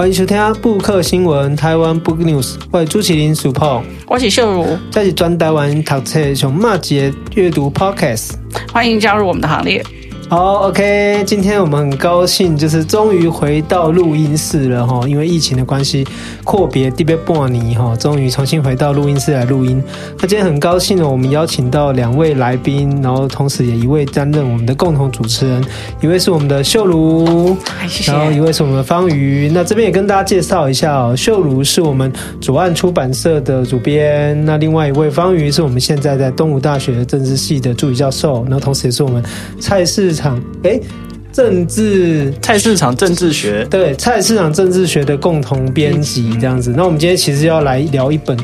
歡迎收聽布克新聞台灣 Book News，我是朱麒麟 Super，我是秀如，這是全台灣讀冊最密集的閱讀 Podcast，歡迎加入我們的行列。好，OK，今天我們很高興，就是終於回到錄音室了哈。因為疫情的關係，闊別 Dear Bonnie 終於重新回到錄音室來錄音。那今天很高興呢，我們邀請到兩位來賓，然後同時也一位擔任我們的共同主持人，一位是我們的秀如，謝謝。然後一位是我們的方隅。那這邊也跟大家介紹一下哦，秀如是我們左岸出版社的主編，那另外一位方隅是我們現在在東吳大學政治系的助理教授，然後同時也是我們菜市。哎，政治菜市場政治學，對，菜市場政治學的共同編輯這樣子。嗯、那我們今天其實要來聊一本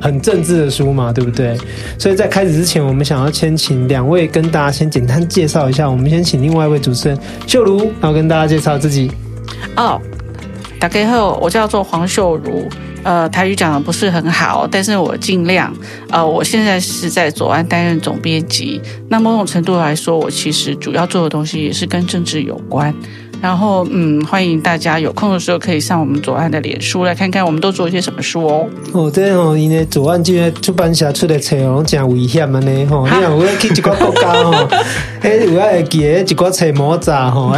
很政治的書嘛，對不對？所以在開始之前，我們想要先請兩位跟大家先簡單介紹一下。我們先請另外一位主持人秀如，然後跟大家介紹自己。哦，大家好，我叫做黃秀如。呃，台語講的不是很好，但是我盡量。呃，我現在是在左岸擔任總編輯，那某種程度來說，我其實主要做的東西也是跟政治有關。然後，嗯，歡迎大家有空的時候可以上我們左岸的臉書來看看，我們都做一些什麼書哦。哦，對哦，因為左岸今年出版社出的冊攏真危險安尼吼，哈你看我要去一個國家 哦吼，哎， 會記得一個車模仔吼，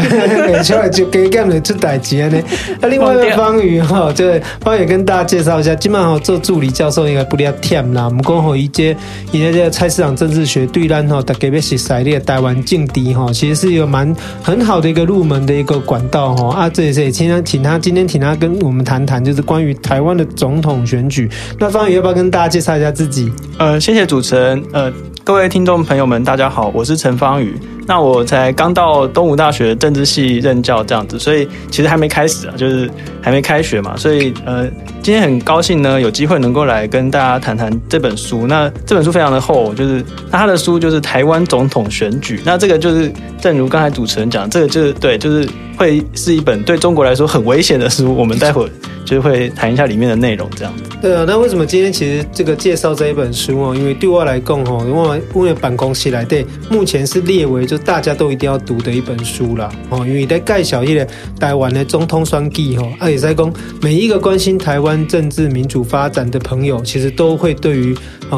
出來就加減來出代志安呢。那另外一個、哦、方隅哈、哦，就方隅跟大家介紹一下，今嘛好做助理教授應該不離阿 t 啦，我們剛好一節一節這個菜市場政治學對咱吼、哦，大家要熟悉台灣政治哈、哦，其實是一個蠻很好的一個入門的一個。管道哈啊，這也今天請他今天請他跟我們談談，就是關於台灣的總統選舉。那方隅要不要跟大家介紹一下自己？呃，謝謝主持人，呃，各位聽眾朋友們，大家好，我是陳方隅。那我才剛到東吳大學政治系任教這樣子，所以其實還沒開始啊，就是還沒開學嘛，所以呃，今天很高興呢，有機會能夠來跟大家談談這本書。那這本書非常的厚，就是那他的書就是台灣總統選舉。那這個就是，正如剛才主持人講，這個就是對，就是會是一本對中國來說很危險的書。我們待會就是會談一下裡面的內容這樣。對啊，那為什麼今天其實這個介紹這一本書哦，因為對我來講、哦，吼，因為因為辦公室來的，目前是列為、就是大家都一定要讀的一本書了，哦，因為在蓋小葉的台灣的中通雙 G 吼，阿李在公每一個關心台灣政治民主發展的朋友，其實都會對於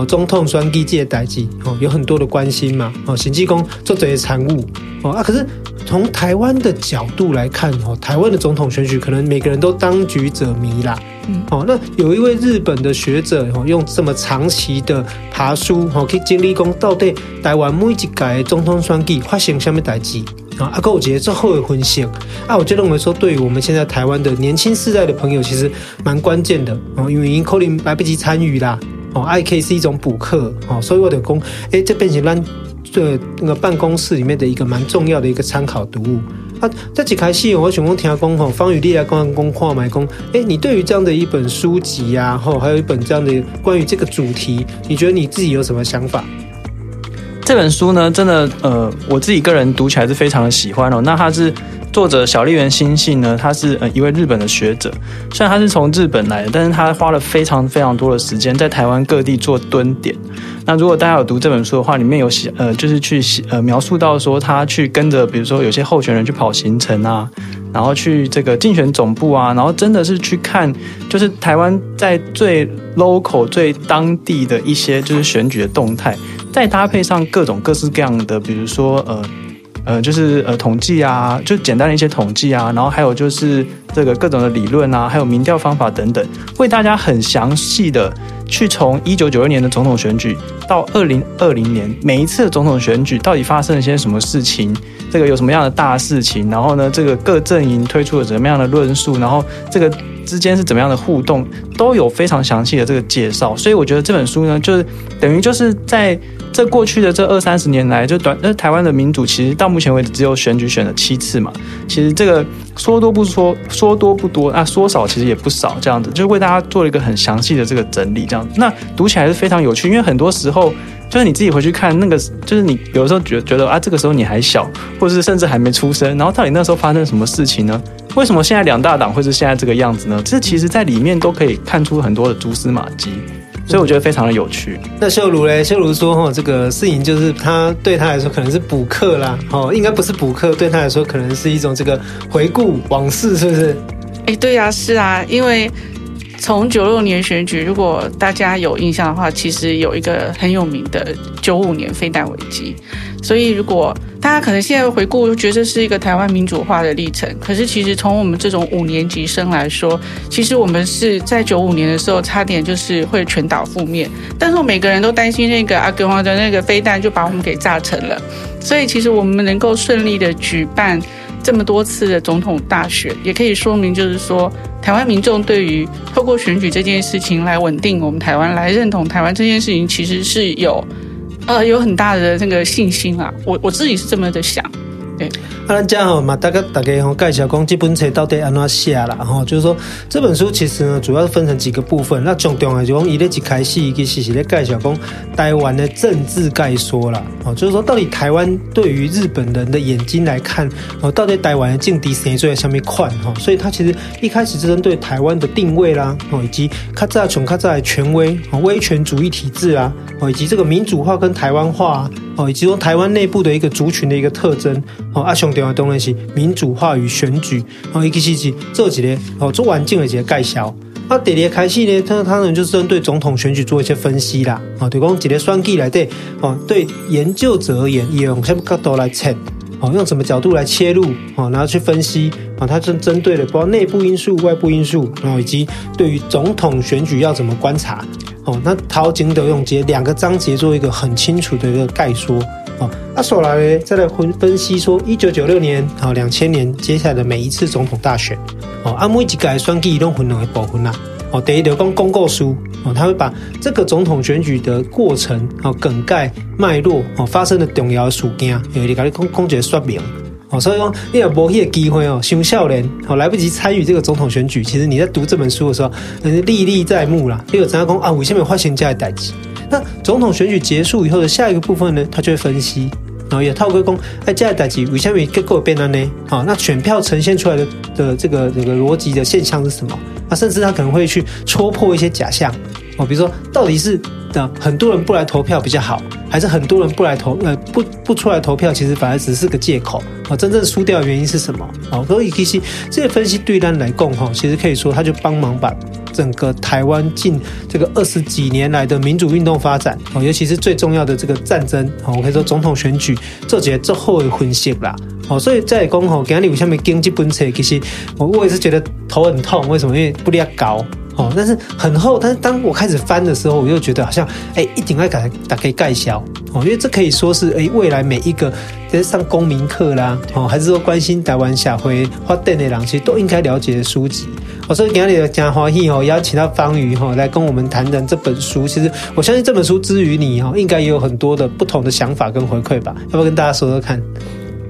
中通雙 G 這代際哦，哦有很多的關心嘛，哦邢繼公作者的產物哦啊，可是從台灣的角度來看哦，台灣的總統選舉可能每個人都當局者迷啦。哦，嗯、那有一位日本的學者哦，用這麼長期的爬梳哦，去經歷講到底台灣每一屆總統選舉發生蝦米代誌啊，啊，夠我覺得這好有分量啊，我就認為說，對於我們現在台灣的年輕世代的朋友，其實蠻關鍵的哦，因為因可能來不及參與啦哦，I K 是一種補課哦，所以我的工誒這變成讓這那個辦公室裡面的一個蠻重要的一個參考讀物。啊，在幾台戲我全工聽阿公吼，方宇立阿公、公況買公，哎，你對於這樣的一本書籍呀，啊，吼，還有一本這樣的關於這個主題，你覺得你自己有什麼想法？這本書呢，真的，呃，我自己個人讀起來是非常的喜歡哦。那它是。作者小笠原欣幸呢，他是呃一位日本的學者，雖然他是從日本來的，但是他花了非常非常多的時間在台灣各地做蹲點。那如果大家有讀這本書的話，裡面有寫呃，就是去寫呃描述到說他去跟着，比如說有些候選人去跑行程啊，然後去這個競選總部啊，然後真的是去看，就是台灣在最 local、最當地的一些就是選舉的動態，再搭配上各種各式各樣的，比如說呃。呃，就是呃，統計啊，就簡單的一些統計啊，然後還有就是這個各種的理論啊，還有民調方法等等，為大家很詳細的去從一九九六年的總統選舉到二零二零年每一次總統選舉到底發生了些什麼事情，這個有什麼樣的大事情，然後呢，這個各陣營推出了什麼樣的論述，然後這個之間是怎麼樣的互動，都有非常詳細的這個介紹。所以我覺得這本書呢，就是等於就是在。這過去的這二三十年來，就短那、呃、台灣的民主其實到目前為止只有選舉選了七次嘛。其實這個說多不說，說多不多啊，說少其實也不少。這樣子就為大家做了一個很詳細的這個整理，這樣子，那讀起來是非常有趣。因為很多時候就是你自己回去看那個，就是你有的時候覺覺得啊，這個時候你還小，或者是甚至還沒出生，然後到底那時候發生什麼事情呢？為什麼現在兩大黨會是現在這個樣子呢？這其實在裡面都可以看出很多的蛛絲馬跡。所以我覺得非常的有趣。那秀茹嘞，秀茹說哈、哦，這個攝影就是他對他來說可能是補課啦，哦，應該不是補課，對他來說可能是一種這個回顧往事，是不是？哎、欸，對呀、啊，是啊，因為。從九六年選舉，如果大家有印象的話，其實有一個很有名的九五年飛彈危機。所以，如果大家可能現在回顧，覺得是一個台灣民主化的歷程。可是，其實從我們這種五年級生來說，其實我們是在九五年的時候，差點就是會全島覆滅。但是，我每個人都擔心那個阿根諾的那個飛彈就把我們給炸成了。所以，其實我們能夠順利的舉辦這麼多次的總統大選，也可以說明，就是說台灣民眾對於透過選舉這件事情來穩定我們台灣，來認同台灣這件事情，其實是有，呃，有很大的那個信心啊。我我自己是這麼的想，對。啊、我們大家好嘛！大家大家，我介紹講這本書到底安怎寫了哈？就是說，這本書其實呢，主要是分成幾個部分。那重點的就講，伊咧一開始一個事情咧介紹講，台灣的政治概說了，就是說到底台灣對於日本人的眼睛來看，到底台灣的政敵是誰，做在蝦米款？所以它其實一開始是針對台灣的定位啦，以及卡扎權卡扎的權威，威權主義體制啊，以及這個民主化跟台灣化、啊、以及說台灣內部的一個族群的一個特徵阿、啊另外，當然是民主化與選舉。哦，一個是指這幾年，哦做完幾個節概小。那第一個開始呢，它它呢就是、針對總統選舉做一些分析啦。哦、啊，對講幾個雙季來對，哦、啊、對研究者而言，啊、而言用什麼角度來切？哦、啊，用什麼角度來切入？哦、啊，然後去分析。啊，它是針對的，包括內部因素、外部因素，然、啊、後以及對於總統選舉要怎麼觀察。哦、啊，那陶景德用這兩個章節做一個很清楚的一個概說。哦，阿索、啊、來咧，再來分分析說，一九九六年、好兩千年，接下來的每一次總統大選，哦，阿每幾個的選舉都分部分，伊攏會有人來保存啦。哦，等於就講公告書，哦，他會把這個總統選舉的過程、哦梗概、脈絡、哦發生的重要的事件，有一點公公決說明。哦，所以講，你有無些機會哦，像少年，哦來不及參與這個總統選舉，其實你在讀這本書的時候，人家歷歷在目啦。你有怎樣講啊？為什麼發生這樣的代志？那總統選舉結束以後的下一個部分呢，他就會分析，然後也討論說，哎，這些事情為什麼結果會變這樣呢？好，那選票呈現出來的的這個這個邏輯的現象是什麼？啊，甚至他可能會去戳破一些假象，哦，比如說到底是很多人不來投票比較好，還是很多人不來投呃，不不出來投票，其實反而只是個借口啊，真正輸掉的原因是什麼？哦，所以其實這些分析對我們來講哈，其實可以說他就幫忙把。整個台灣近這個二十幾年來的民主運動發展，尤其是最重要的這個戰爭，我可以說總統選舉做起來最後的分析啦，所以在講吼，今天你為什麼選這本書其實我我也是覺得頭很痛，為什麼？因為不捏高，但是很厚，但是當我開始翻的時候，我又覺得好像哎、欸，一定要打打開蓋小，因為這可以說是哎、欸、未來每一個在上公民課啦，還是說關心台灣社會發展的人，其實都應該了解的書籍。我是今天的嘉花藝哦，邀請到方隅哈來跟我們談談這本書。其實我相信這本書之於你哈，應該也有很多的不同的想法跟回饋吧，要不要跟大家說說看？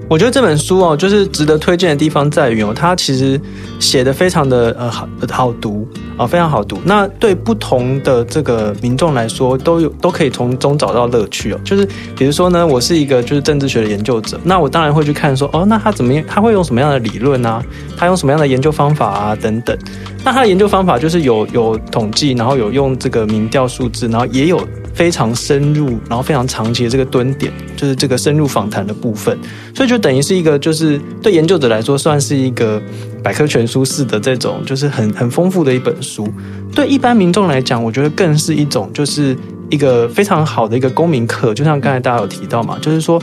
我覺得這本書哦，就是值得推薦的地方在於哦，它其實寫的非常的呃好，呃，好讀啊、呃，非常好讀。那對不同的這個民眾來說，都有都可以從中找到樂趣哦。就是比如說呢，我是一個就是政治學的研究者，那我當然會去看說，哦，那他怎麼樣？他會用什麼樣的理論啊？他用什麼樣的研究方法啊？等等。那他的研究方法就是有有統計，然後有用這個民調數字，然後也有。非常深入，然後非常長期的這個蹲點，就是這個深入訪談的部分，所以就等於是一個，就是對研究者來說算是一個百科全書式的這種，就是很很豐富的一本書。對一般民眾來講，我覺得更是一種，就是一個非常好的一個公民課。就像剛才大家有提到嘛，就是說，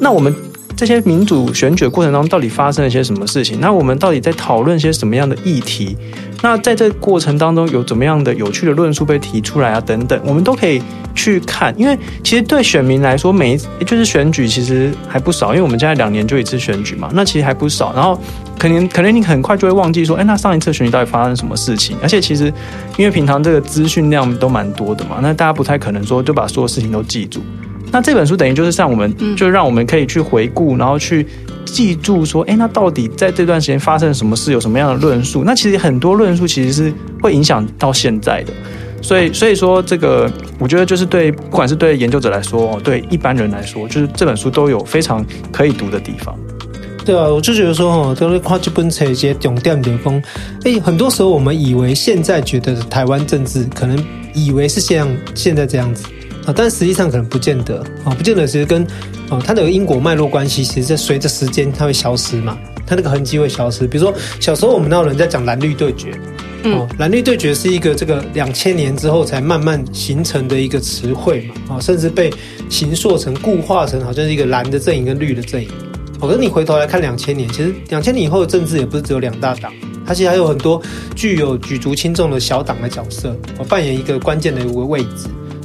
那我們。這些民主選舉的過程當中到底發生了些什麼事情？那我們到底在討論些什麼樣的議題？那在這過程當中有怎麼樣的有趣的論述被提出來啊？等等，我們都可以去看。因為其實對選民來說，每一就是選舉其實還不少，因為我們現在兩年就一次選舉嘛，那其實還不少。然後可能可能你很快就會忘記說，誒，那上一次選舉到底發生什麼事情？而且其實因為平常這個資訊量都蠻多的嘛，那大家不太可能說就把所有事情都記住。那這本書等於就是像我們，就讓我們可以去回顧，嗯、然後去記住，說，哎，那到底在這段時間發生了什麼事，有什麼樣的論述？那其實很多論述其實是會影響到現在的。所以，所以說這個，我覺得就是對，不管是對研究者來說，對一般人來說，就是這本書都有非常可以讀的地方。對啊，我就覺得說，哈、哦，都這是就基奔馳一些頂點巔峰。哎，很多時候我們以為現在覺得台灣政治，可能以為是像現在這樣子。但實際上可能不見得啊，不見得，其實跟哦它的因果脈絡關係，其實在隨着時間它會消失嘛，它那個痕跡會消失。比如說小時候我們那有人在講藍綠對決，哦，藍綠，對決，藍綠對，決對決是一個這個兩千年之後才慢慢形成的一個詞彙嘛，啊，甚至被形塑成固化成好像是一個藍的陣營跟綠的陣營，哦，可是你回頭來看兩千年，其實兩千年以後的政治也不是只有兩大黨，它其實還有很多具有舉足輕重的小黨的角色，我扮演一個關鍵的一個位置。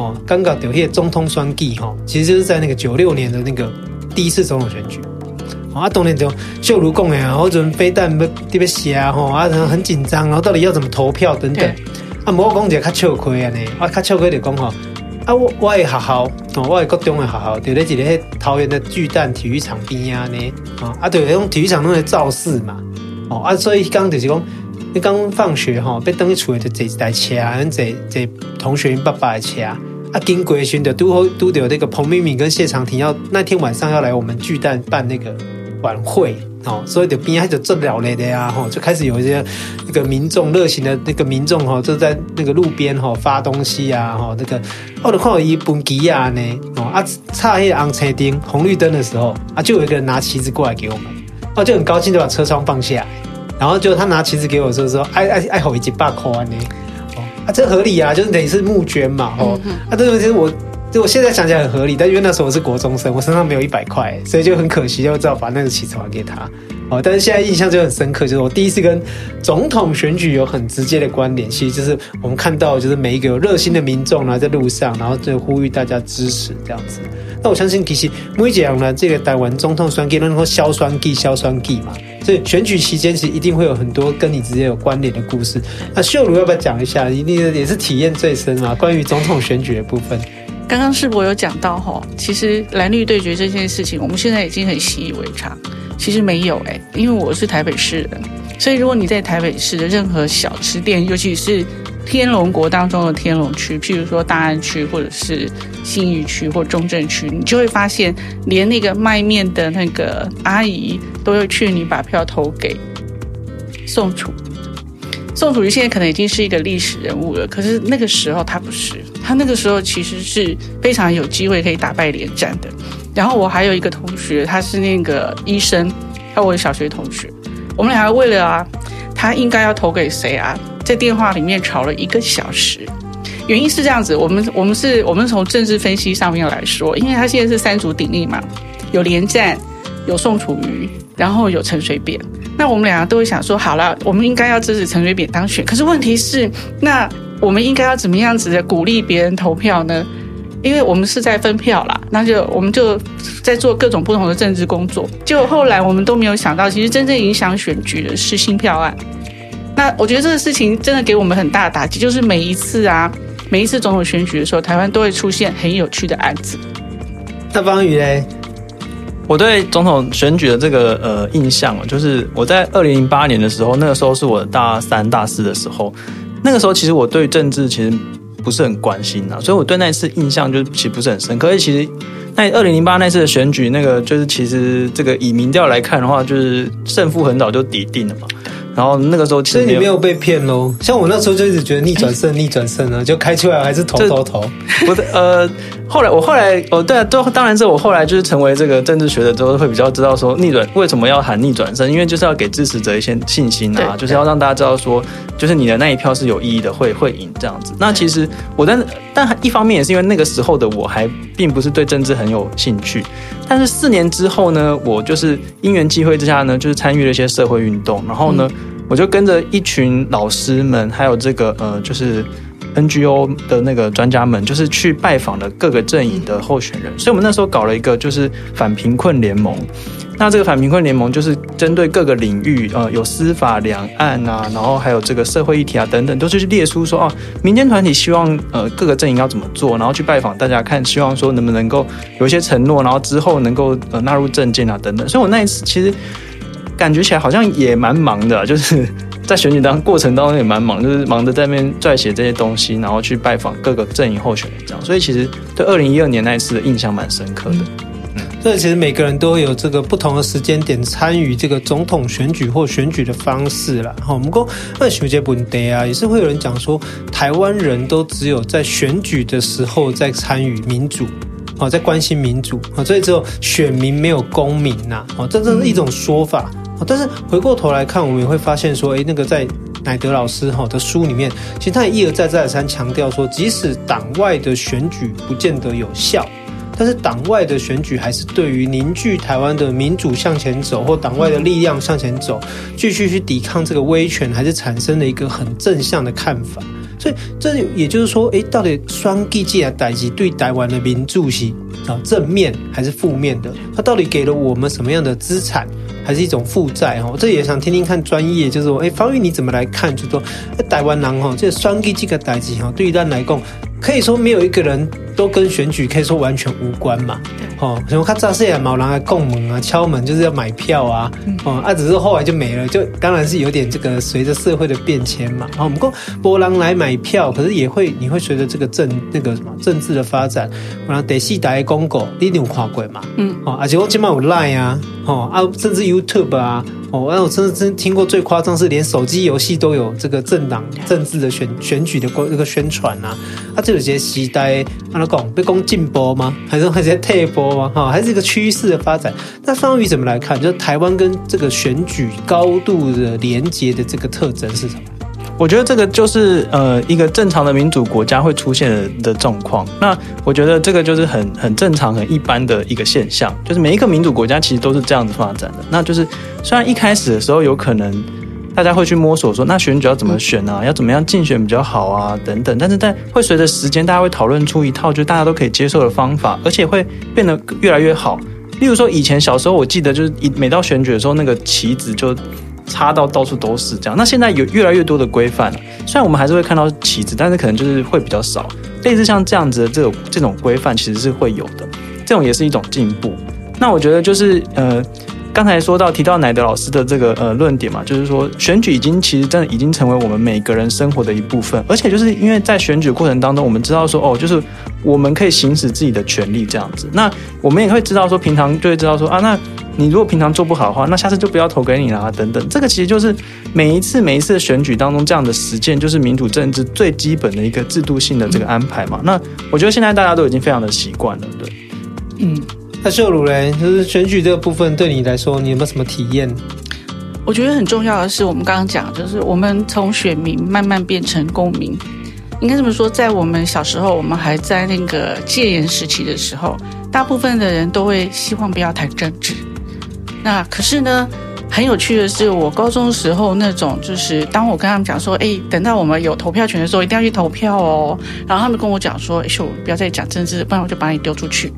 哦，剛剛有一個總統選舉哈，其實就是在那個九六年的那個第一次總統選舉。哦、啊，啊，當年就就如講的，啊，我準備帶什麼特別寫啊，然後很緊張，然後到底要怎麼投票等等。對啊，我講一個較笑虧啊呢，啊，較笑虧的講哈，啊，我我的學校好，我的國中的學校就咧一個桃園的巨蛋體育場邊啊呢，啊啊，對，那種體育場弄個造勢嘛，哦啊，所以剛就是講，你剛放學吼，被等於出來就坐一台車啊，像坐坐同學因爸爸的車。啊，丁國勳的都都有那個彭明敏跟謝長廷要那天晚上要來我們巨蛋辦那個晚會哦，所以就就的邊還就熱了。嘞的呀，哈，就開始有一些那個民眾熱情的，那個民眾哈、哦、就在那個路邊哈、哦、發東西啊，哈、哦，那個哦，我看一不吉啊。呢，哦，啊，差些按車燈紅綠燈的時候啊，就有一個人拿旗子過來給我們，哦，就很高興就把車窗放下來，然後就他拿旗子給我的時候說，說說愛愛愛好一百塊口安呢。啊啊、這合理啊，就是等於是募捐嘛，哦，嗯、哼啊，對不對，其實我，就我現在想起來很合理，但因為那時候我是國中生，我身上沒有一百塊，所以就很可惜，就只好把那個旗子還給他，好、哦、但是現在印象就很深刻，就是我第一次跟總統選舉有很直接的關聯，其實就是我們看到就是每一個有熱心的民眾呢在路上，然後就呼籲大家支持這樣子。那我相信其實，木易姐呢這個台灣總統選舉，那後硝酸氣、硝酸氣嘛。選舉期間，其實一定會有很多跟你直接有關聯的故事。那秀如要不要講一下？一定也是體驗最深嘛、啊，關於總統選舉的部分。剛剛世博有講到齁，其實藍綠對決這件事情，我們現在已經很習以為常。其實沒有哎、欸，因為我是台北市人，所以如果你在台北市的任何小吃店，尤其是天龍國當中的天龍區，譬如說大安區或者是信義區或中正區，你就會發現，連那個賣麵的那個阿姨都會勸你把票投給宋楚。送出宋楚瑜現在可能已經是一個歷史人物了，可是那個時候他不是，他那個時候其實是非常有機會可以打敗連戰的。然後我還有一個同學，他是那個醫生，他是我的小學同學，我們兩個為了啊，他應該要投給誰啊，在電話裡面吵了一個小時。原因是這樣子，我們我們是，我們從政治分析上面來說，因為他現在是三足鼎立嘛，有連戰，有宋楚瑜，然後有陳水扁。那我們兩個都會想說，好了，我們應該要支持陳水扁當選。可是問題是，那我們應該要怎麼樣子的鼓勵別人投票呢？因為我們是在分票啦，那就我們就在做各種不同的政治工作。結果後來我們都沒有想到，其實真正影響選舉的是興票案。那我覺得這個事情真的給我們很大的打擊，就是每一次啊，每一次總統選舉的時候，台灣都會出現很有趣的案子。大方魚嘞。我對總統選舉的這個呃印象啊，就是我在二零零八年的時候，那個時候是我大三、大四的時候，那個時候其實我對政治其實不是很關心啊，所以我對那次印象就其實不是很深刻。可是其實那二零零八那次的選舉，那個就是其實這個以民調來看的話，就是勝負很早就底定了嘛。然後那個時候其實，所以你沒有被騙哦，像我那時候就一直覺得逆轉勝、欸、逆轉勝啊，就開出來還是頭頭頭呃。 後來我後來哦，對啊，都當然是我後來就是成為這個政治學者之後，會比較知道說逆轉為什麼要喊逆轉勝，因為就是要給支持者一些信心啊，對就是要讓大家知道說，對就是你的那一票是有意義的，會會贏這樣子。那其實我在但，但一方面也是因為那個時候的我還並不是對政治很有興趣，但是四年之後呢，我就是因緣際會之下呢，就是參與了一些社會運動，然後呢，嗯、我就跟着一群老師們，還有這個呃就是。NGO 的那個專家們就是去拜訪了各個陣營的候選人，所以我們那時候搞了一個就是反貧困聯盟。那這個反貧困聯盟就是針對各個領域，呃，有司法、兩岸啊，然後還有這個社會議題啊等等，都是去列出說啊，民間團體希望呃各個陣營要怎麼做，然後去拜訪大家看，希望說能不能夠有一些承諾，然後之後能夠呃納入政見啊等等。所以我那一次其實感覺起來好像也蠻忙的，就是。在選舉當過程當中也蠻忙的，就是忙着在那邊撰寫這些東西，然後去拜訪各個陣營候選人這樣。所以其實對二零一二年那一次的印象蠻深刻的。嗯，所以其實每個人都有這個不同的時間點參與這個總統選舉或選舉的方式啦。我們過二學傑布戴啊，也是會有人講說，台灣人都只有在選舉的時候在參與民主哦，在關心民主啊，所以只有選民沒有公民吶。哦，這真是一種說法。但是回過頭來看，我們也會發現說，誒、欸、那個在乃德老師哈的書裡面，其實他也一而再再而三強調說，即使黨外的選舉不見得有效，但是黨外的選舉還是對於凝聚台灣的民主向前走，或黨外的力量向前走，繼續去抵抗這個威權，還是產生了一個很正向的看法。所以這也就是說，誒、欸、到底雙地進啊，傣擊對台灣的民主性啊正面還是負面的？它到底給了我們什麼樣的資產？還是一種負債哈，我這也想聽聽看專業，就是說，哎，方隅你怎麼來看？就是、說哎，台灣人哈，這雙擊這個打擊哈，對於他來講，可以說沒有一個人。都跟選舉可以說完全無關嘛，哦，什麼他當時啊毛狼來拱門啊，敲門就是要買票啊，哦，啊，只是後來就沒了，就當然是有點這個隨着社會的變遷嘛，啊、哦，我們過波浪來買票，可是也會你會隨着這個政那個什麼政治的發展，然後第四台廣告你有看過嘛？嗯、哦，啊，而且現在有 LINE 啊，哦啊，啊，甚至 YouTube 啊。哦，那、啊、我真的真的聽過最誇張是，連手機遊戲都有這個政黨政治的選選舉的這個宣傳啊。他，啊，這有些期待，阿他講被攻禁播嗎？還是還是退播嗎？哈，哦，還是一個趨勢的發展。那方隅怎麼來看？就是台灣跟這個選舉高度的連結的這個特徵是什麼？我覺得這個就是呃一個正常的民主國家會出現的、的狀況。那我覺得這個就是很很正常、很一般的一個現象，就是每一個民主國家其實都是這樣子發展的。那就是雖然一開始的時候有可能大家會去摸索說，那選舉要怎麼選啊，要怎麼樣競選比較好啊？等等，但是在會隨着時間，大家會討論出一套就是大家都可以接受的方法，而且會變得越來越好。例如說，以前小時候我記得就是每到選舉的時候，那個旗子就。插到到處都是這樣。那現在有越來越多的規範了，雖然我們還是會看到旗幟，但是可能就是會比較少。類似像這樣子的這種、個、這種規範，其實是會有的。這種也是一種進步。那我覺得就是呃，剛才說到提到乃德老師的這個呃論點嘛，就是說選舉已經其實真的已經成為我們每個人生活的一部分。而且就是因為在選舉過程當中，我們知道說哦，就是我們可以行使自己的權利這樣子。那我們也會知道說，平常就會知道說啊那。你如果平常做不好的話，那下次就不要投給你啦、啊。等等，這個其實就是每一次每一次的選舉當中這樣的實踐，就是民主政治最基本的一個制度性的這個安排嘛。嗯、那我覺得現在大家都已經非常的習慣了，對。嗯，那秀如嘞，就是選舉這個部分對你來說，你有沒有什麼體驗？我覺得很重要的是，我們剛剛講，就是我們從選民慢慢變成公民，應該這麼說，在我們小時候，我們還在那個戒嚴時期的時候，大部分的人都會希望不要談政治。那可是呢，很有趣的是，我高中時候那種，就是當我跟他們講說，哎，等到我們有投票權的時候，一定要去投票哦。然後他們跟我講說，哎呦，我不要再講政治，不然我就把你丟出去。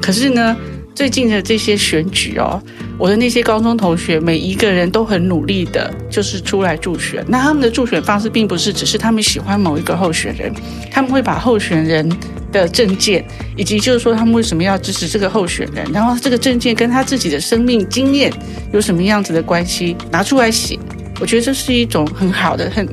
可是呢，最近的這些選舉哦，我的那些高中同學，每一個人都很努力的，就是出來助選。那他們的助選方式，並不是只是他們喜歡某一個候選人，他們會把候選人的政見，以及就是說他們為什麼要支持這個候選人，然後這個政見跟他自己的生命經驗有什麼樣子的關係，拿出來寫，我覺得這是一種很好的、很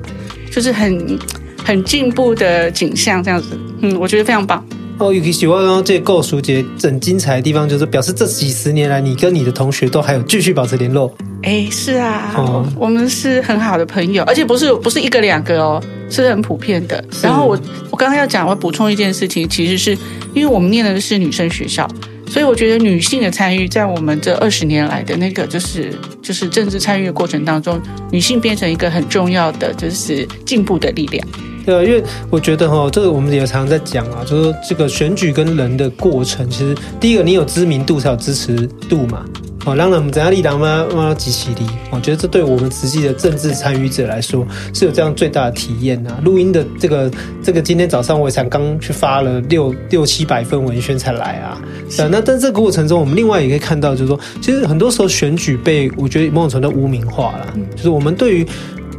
就是很很進步的景象，這樣子，嗯，我覺得非常棒。哦，尤其喜歡哦。這個告書節，很精彩的地方就是表示這幾十年來，你跟你的同學都還有繼續保持聯絡。哎，是啊，嗯、我們是很好的朋友，而且不是不是一個兩個哦，是很普遍的。是然後我我剛剛要講，我補充一件事情，其實是因為我們念的是女生學校，所以我覺得女性的參與在我們這二十年來的那個就是就是政治參與的過程當中，女性變成一個很重要的就是進步的力量。對啊，因為我覺得哈，這、哦、個我們也常常在講啊，就是這個選舉跟人的過程，其實第一個你有知名度才有支持度嘛。哦，讓我們的阿麗郎媽媽集起力，我、哦、覺得這對我們實際的政治參與者來說是有這樣最大的體驗吶、啊。錄音的這個這個，今天早上我也才剛去發了六六七百份文宣才來啊。是。那、啊、在這個過程中，我們另外也可以看到，就是說，其實很多時候選舉被我覺得某種程度污名化了，就是我們對於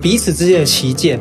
彼此之間的歧見。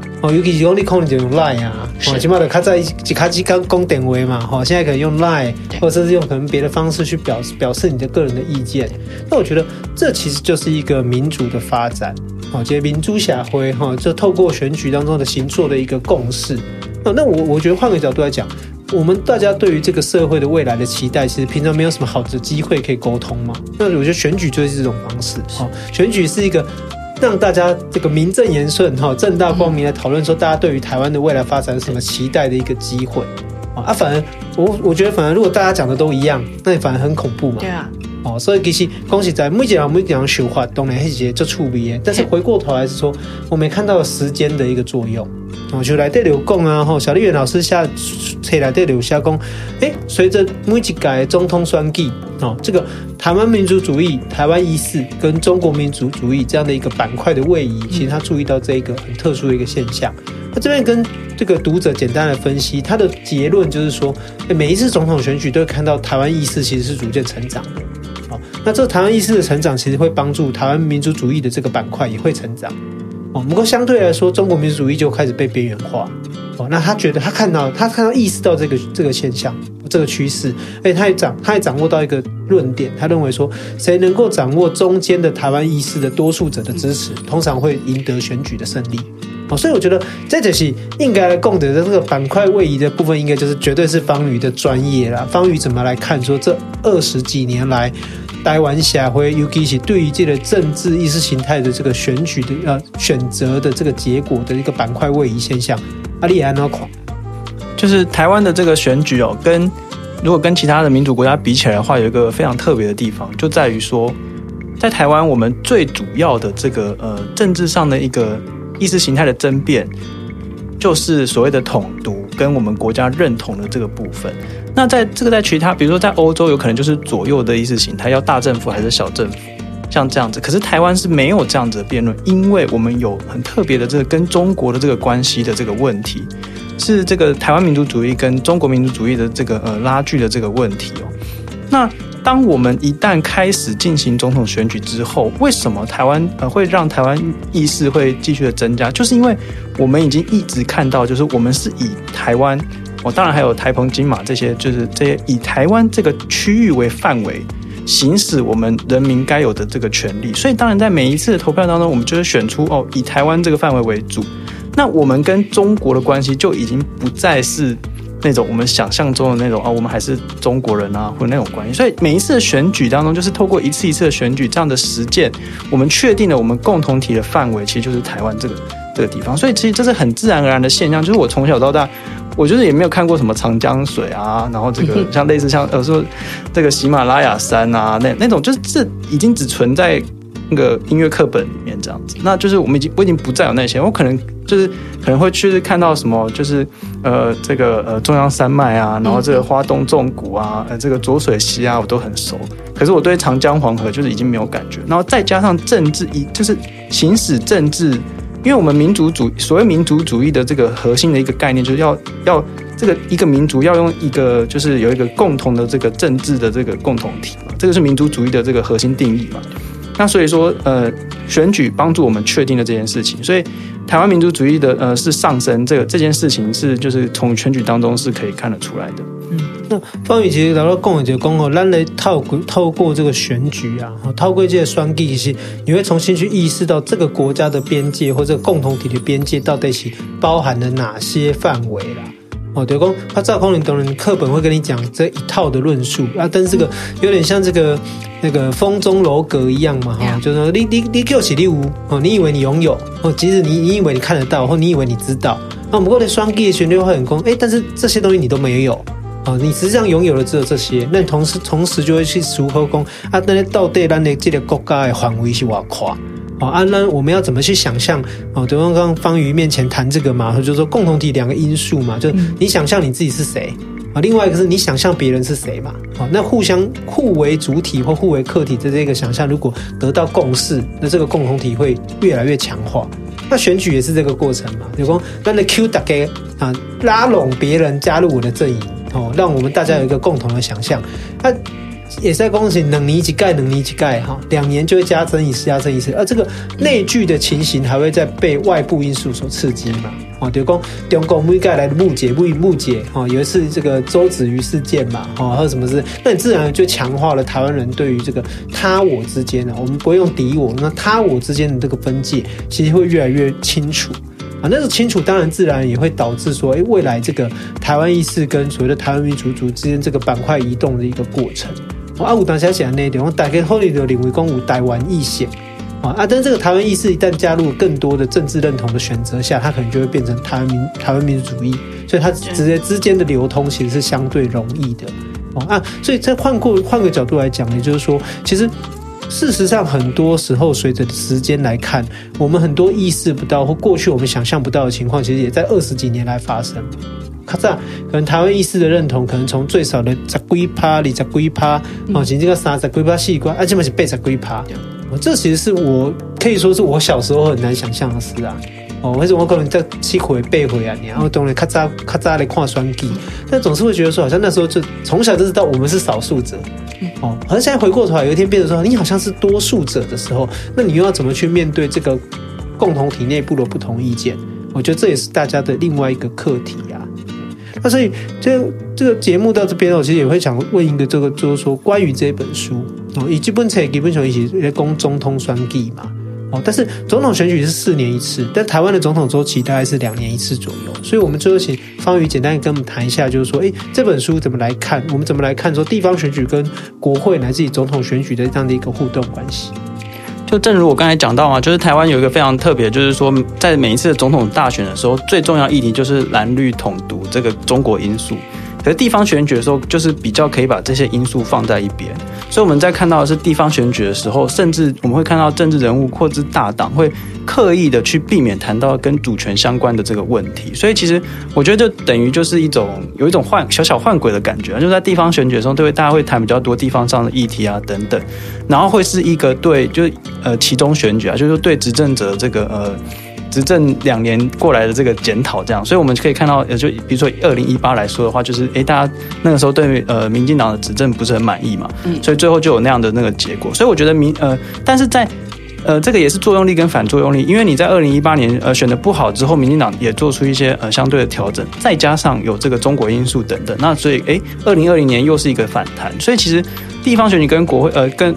哦，尤其用你可能就用 Line 啊，起碼得卡在幾卡幾剛公典位嘛。哦，現在可以用 Line 或者是用可能別的方式去表示表示你的個人的意見。那我覺得這其實就是一個民主的發展，哦，這些民族下揮哈，就透過選舉當中的行作的一個共識。哦，那我我覺得換個角度來講，我們大家對於這個社會的未來的期待，其實平常沒有什麼好的機會可以溝通嘛。那我覺得選舉就是這種方式。哦，選舉是一個。讓大家這個名正言順哈，正大光明來討論說，大家對於台灣的未來發展有什麼期待的一個機會啊！反而我我覺得，反而如果大家講的都一樣，那也反而很恐怖嘛。對啊，哦，所以其實恭喜在目前我們講說話，當然是很直接，就觸鼻。但是回過頭來是說，我沒看到時間的一個作用。我、哦、就來電劉工啊，吼，小笠原老師下次來對劉下工，哎，隨、欸、着每一屆總統選舉，哦，這個台灣民族主，主義、台灣意識跟中國民族主，主義這樣的一個板塊的位移，嗯、其實他注意到這一個很特殊的一個現象。那這邊跟這個讀者簡單的分析，他的結論就是說、欸，每一次總統選舉都會看到台灣意識其實是逐漸成長的。好、哦，那這台灣意識的成長，其實會幫助台灣民族主，主義的這個板塊也會成長。哦，不過相對來說，中國民族主,主義就開始被邊緣化。哦，那他覺得他看到，他看到意識到這個這個現象，這個趨勢，而且他也掌他也掌握到一個論點，他認為說，誰能夠掌握中間的台灣意識的多數者的支持，通常會贏得選舉的勝利。哦，所以我覺得，這就是應該來共得的這個板塊位移的部分，應該就是絕對是方隅的專業了。方隅怎麼來看說這二十幾年來？台灣社會，尤其是對於這個政治意識形態的這個選舉的呃選擇的這個結果的一個板塊位移現象，啊，你會怎麼看？就是台灣的這個選舉哦，跟如果跟其他的民主國家比起來的話，有一個非常特別的地方，就在於說，在台灣我們最主要的這個呃政治上的一個意識形態的爭辯。就是所謂的統獨跟我們國家認同的這個部分。那在這個在其他，比如說在歐洲，有可能就是左右的意識形態，要大政府還是小政府，像這樣子。可是台灣是沒有這樣子的辯論，因為我們有很特別的這個跟中國的這個關係的這個問題，是這個台灣民族主義跟中國民族主義的這個呃拉鋸的這個問題哦。那。當我們一旦開始進行總統選舉之後，為什麼台灣呃會讓台灣意識會繼續的增加？就是因為我們已經一直看到，就是我們是以台灣，哦，當然還有台澎金馬這些，就是這些以台灣這個區域為範圍，行使我們人民該有的這個權利。所以，當然在每一次的投票當中，我們就是選出，哦，以台灣這個範圍為主。那我們跟中國的關係就已經不再是。那種我們想象中的那種啊，我們還是中國人啊，或者那種關係。所以每一次的選舉當中，就是透過一次一次的選舉這樣的實踐，我們確定了我們共同體的範圍，其實就是台灣這個這個地方。所以其實這是很自然而然的現象。就是我從小到大，我就是也沒有看過什麼長江水啊，然後這個像類似像呃說這個喜馬拉雅山啊，那那種就是這已經只存在那個音樂課本裡面這樣子，那就是我們已經我已經不再有那些，我可能就是可能會去看到什麼，就是呃這個呃中央山脈啊，然後這個花東縱谷啊，呃這個濁水溪啊，我都很熟。可是我對長江黃河就是已經沒有感覺。然後再加上政治，一就是行使政治，因為我們民族主義，所謂民族主義的這個核心的一個概念，就是要要這個一個民族要用一個就是有一個共同的這個政治的這個共同體，這個是民族主義的這個核心定義嘛。那所以說，呃，選舉幫助我們確定了這件事情，所以台灣民族主義的呃是上升，這個這件事情是就是從選舉當中是可以看得出來的。嗯，那方隅老師講就講哦，咱來透透過這個選舉啊，透過這個雙計系，你會重新去意識到這個國家的邊界或者共同體的邊界到底是包含了哪些範圍了、啊。哦，對公，他趙匡胤等人課本會跟你講這一套的論述啊，但是這個有點像這個那個風中樓閣一樣嘛，哈、嗯，就是說你你你就是你有起你物哦，你以為你擁有哦，即使你你以為你看得到，或你以為你知道，那不過你雙 D 的旋律會很空哎，但是這些東西你都沒有啊，你實際上擁有的只有這些，那同時同時就會去如何宮啊？但是到底咱的這個國家的範圍是多寬？好，啊，那我們要怎麼去想象？哦，對方剛剛方隅面前談這個嘛，就是說共同體兩個因素嘛，就是你想象你自己是誰啊，另外一個是你想象別人是誰嘛。啊，那互相互為主體或互為客體的這個想象，如果得到共識，那這個共同體會越來越強化。那選舉也是這個過程嘛？比如說那那揪大家啊，拉攏別人加入我的陣營哦，讓我們大家有一個共同的想象。那也在恭喜冷一起蓋冷一起蓋哈，兩、哦、年就會加增一次加增一次，而、啊、這個內聚的情形還會在被外部因素所刺激嘛？哦，中國中國木一蓋來的木解木木解。哈、哦，有一次這個周子瑜事件嘛，哈、哦，或者什麼事？那你自然就強化了台灣人對於這個他我之間的、啊，我們不用敵我，那他我之間的這個分界其實會越來越清楚啊。那是、個、清楚，當然自然也會導致說，誒、欸，未來這個台灣意識跟所謂的台灣民族族之間這個板塊移動的一個過程。我阿五當下寫了那一點，我打開 Holy 的領圍公五台灣意識，啊，但這個台灣意識一旦加入了更多的政治認同的選擇下，它可能就會變成台灣民台灣民主主義，所以它直接之間的流通其實是相對容易的，哦啊，所以再換過換個角度來講，也就是說，其實。事實上，很多時候，隨着時間來看，我們很多意識不到或過去我們想象不到的情況，其實也在二十幾年來發生。可是啊可能台灣意識的認同，可能從最少的十幾趴、二十幾趴，往前這個三十幾趴、四十啊而且嘛是八十幾趴，這其實是我可以說是我小時候很難想象的事啊。哦，為什麼我可能在氣口也背回啊？然後、嗯、當然咔嚓咔嚓的跨雙擊，技嗯、但總是會覺得說，好像那時候就從小就知道我們是少數者，嗯、哦，好像現在回過頭來有一天變得說你好像是多數者的時候，那你又要怎麼去面對這個共同體內部的不同意見？我覺得這也是大家的另外一個課題啊。那所以這這個節目到這邊我其實也會想問一個這個，就是說，關於這本書哦，以及本冊基本上一起，咧講總統選舉嘛。但是總統選舉是四年一次，但台灣的總統周期大概是兩年一次左右，所以，我們最後請方隅簡單跟我們談一下，就是說，誒這本書怎麼來看？我們怎麼來看說地方選舉跟國會乃至於總統選舉的這樣的一個互動關係？就正如我剛才講到嘛，就是台灣有一個非常特別，就是說，在每一次總統大選的時候，最重要議題就是藍綠統獨這個中國因素。而地方選舉的時候，就是比較可以把這些因素放在一邊，所以我們在看到的是地方選舉的時候，甚至我們會看到政治人物或者大黨會刻意的去避免談到跟主權相關的這個問題。所以其實我覺得就等於就是一種有一種換小小換軌的感覺啊，就是在地方選舉的時候都會大家會談比較多地方上的議題啊等等，然後會是一個對，就是呃期中選舉啊，就是對執政者的這個呃。執政兩年過來的這個檢討，這樣，所以我們可以看到，呃，就比如說以二零一八來說的話，就是，哎，大家那個時候對於呃民進黨的執政不是很滿意嘛，嗯，所以最後就有那樣的那個結果。所以我覺得民呃，但是在呃這個也是作用力跟反作用力，因為你在二零一八年呃選的不好之後，民進黨也做出一些呃相對的調整，再加上有這個中國因素等等，那所以哎，二零二零年又是一個反彈。所以其實地方選舉跟國會呃跟。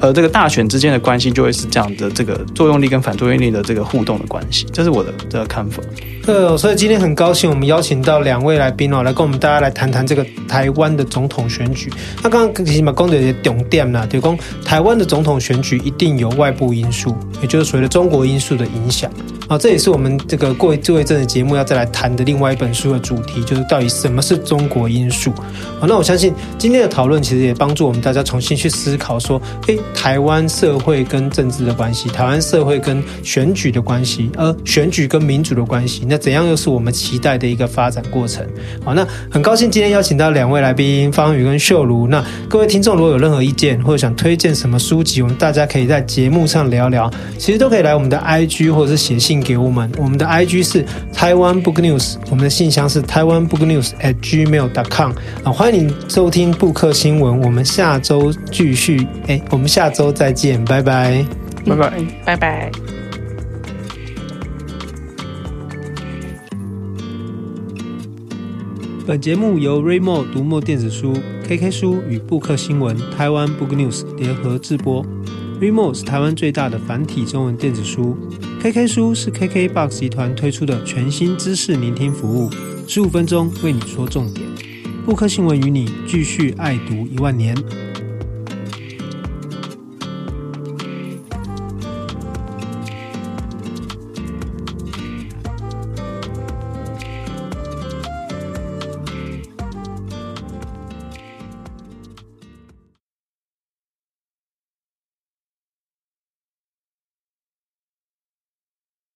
而這個大選之間的關係就會是這樣的，這個作用力跟反作用力的這個互動的關係，這是我的這個看法。呃、哦、所以今天很高興我們邀請到兩位來賓哦，來跟我們大家來談談這個台灣的總統選舉。那剛剛其實馬公對的重點啦，就是講台灣的總統選舉一定有外部因素，也就是隨着中國因素的影響。啊，這也是我們這個過這一陣子節目要再來談的另外一本書的主題，就是到底什麼是中國因素？好，那我相信今天的討論其實也幫助我們大家重新去思考說，誒，台灣社會跟政治的關係，台灣社會跟選舉的關係，而、呃、選舉跟民主的關係，那怎樣又是我們期待的一個發展過程？好，那很高興今天邀請到兩位來賓方隅跟秀茹。那各位聽眾如果有任何意見或者想推薦什麼書籍，我們大家可以在節目上聊聊，其實都可以來我們的 IG 或者是寫信。給我們，我們的 IG 是台灣 Book News，我們的信箱是台灣 Book News at Gmail dot com、啊、歡迎收聽布克新聞，我們下周繼續，哎、欸，我們下周再見，拜拜，拜拜，嗯、拜拜。本節目由 Remo、e、讀墨電子書、KK 書與布克新聞台灣 Book News 聯合制播，Remo、e、是台灣最大的繁體中文電子書。KK 書是 KKBox 集團推出的全新知識聆聽服務，十五分鐘為你說重點，布克新聞與你繼續愛讀一萬年。